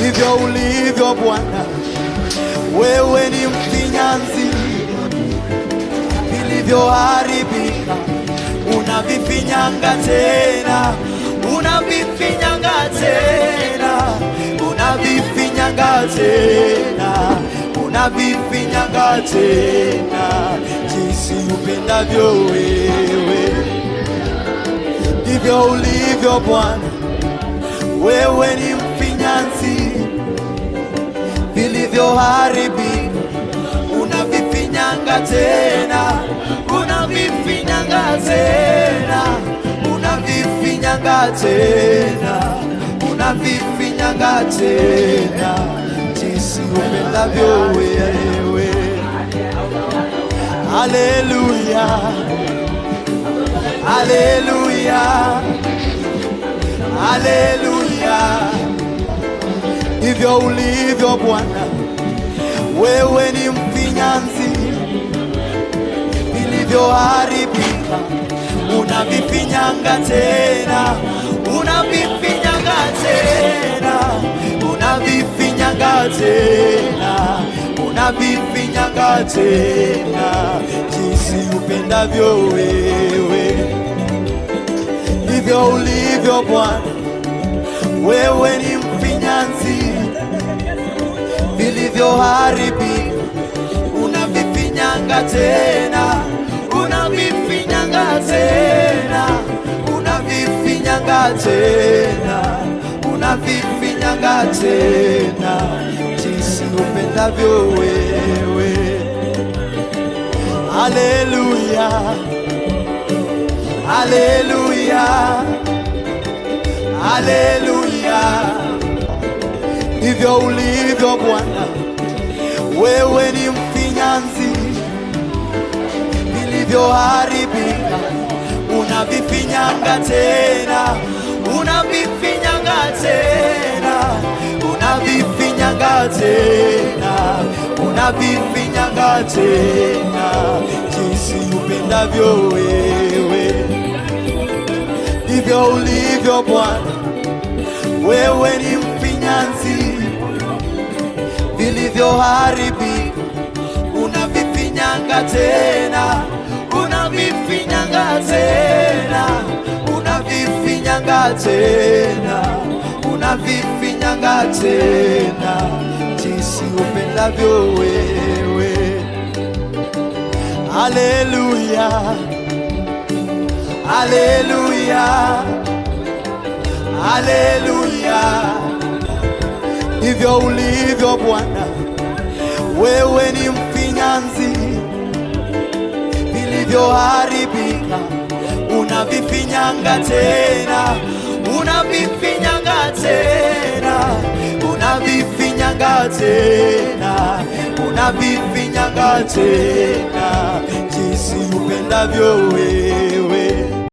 ndivyo ulivyo Bwana, wewe ni mfinyanzi vilivyoharibika, unavifinyanga tena, unavifinyanga tena, unavifinyanga tena, unavifinyanga tena, jinsi upendavyo wewe, ndivyo ulivyo Bwana, wewe ni mfinyanzi vilivyoharibika unavifinyanga tena, unavifinyanga tena, unavifinyanga tena, unavifinyanga tena, jinsi upendavyo wewe. Haleluya, haleluya, haleluya ndivyo ulivyo Bwana, wewe ni mfinyanzi vilivyoharibika, unavifinyanga tena, unavifinyanga tena, unavifinyanga tena, unavifinyanga tena, jinsi upendavyo wewe, ndivyo ulivyo Bwana, wewe ni mfinyanzi ulivyoharibu unavifinyanga tena, unavifinyanga tena, unavifinyanga tena, unavifinyanga tena, jinsi upendavyo wewe. Haleluya, haleluya, haleluya, hivyo ulivyo Bwana wewe ni mfinyanzi vilivyoharibika, unavifinyanga tena, unavifinyanga tena, unavifinyanga tena, unavifinyanga tena, jinsi upendavyo wewe, ndivyo ulivyo Bwana, wewe ni mfinyanzi vilivyoharibika unavifinyanga tena, unavifinyanga tena, unavifinyanga tena, unavifinyanga tena, jinsi upendavyo wewe. aleluya aleluya aleluya ndivyo ulivyo Bwana, wewe ni mfinyanzi. Vilivyoharibika unavifinyanga tena, unavifinyanga tena, unavifinyanga tena, unavifinyanga tena, jinsi upendavyo wewe